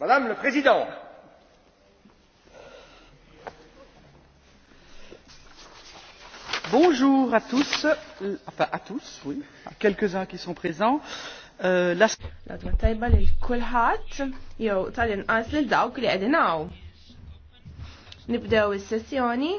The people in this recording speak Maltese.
Madame le Président, Bonjour à tous, enfin à tous, oui, à quelques-uns qui sont présents. Euh, l tajba li tal-inqas dawk li Nibdew sessjoni